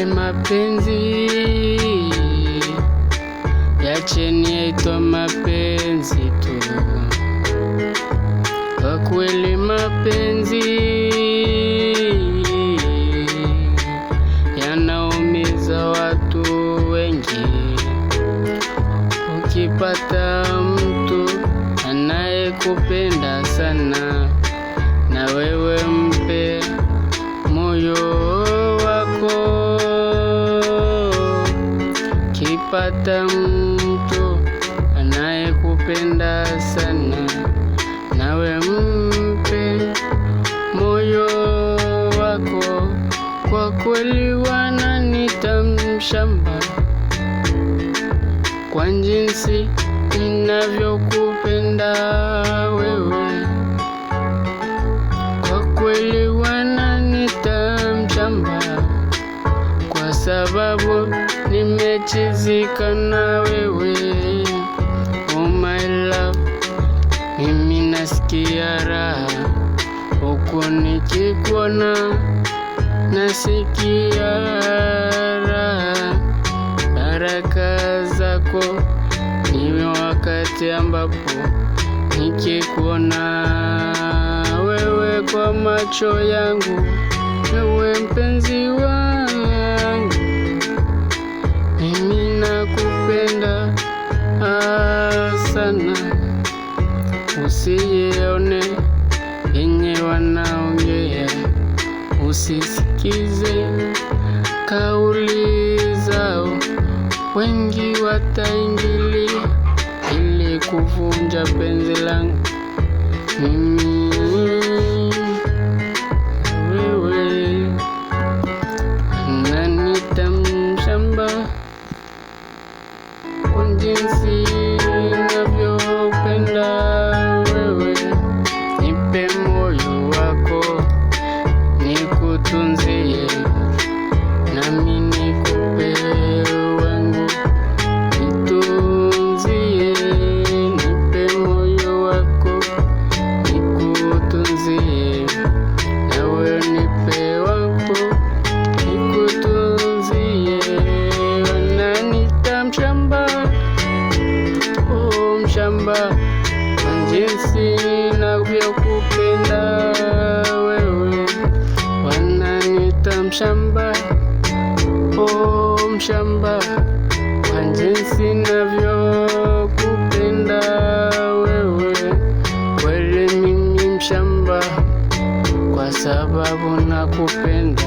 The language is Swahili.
yake mapenzi, yacheni yaitwa mapenzi tu, kwa kweli mapenzi yanaumiza watu wengi. Ukipata mtu anayekupenda kupata mtu anayekupenda sana, nawe mpe moyo wako. Kwa kweli wananitamshamba kwa jinsi ninavyokupenda wewe, kwa kweli wananitamshamba kwa sababu nimechizika na wewe, oh my love, mimi nasikia raha huku nikikuona, nasikia raha. Baraka zako niwe wakati ambapo nikikuona wewe kwa macho yangu, wewe mpenzi sana, usiyeone yenye wanaongea, usisikize kauli zao, wengi wataingilia ili kuvunja penzi langu. nitunzie, nami nikupe wangu, nitunzie, nipe moyo wako, nikutunzie, nawe nipe wako, nikutunzie, wananiita mshamba, oh mshamba, jinsi mshamba oh, mshamba wa jinsi navyokupenda wewe, kweli mimi mshamba, kwa sababu nakupenda.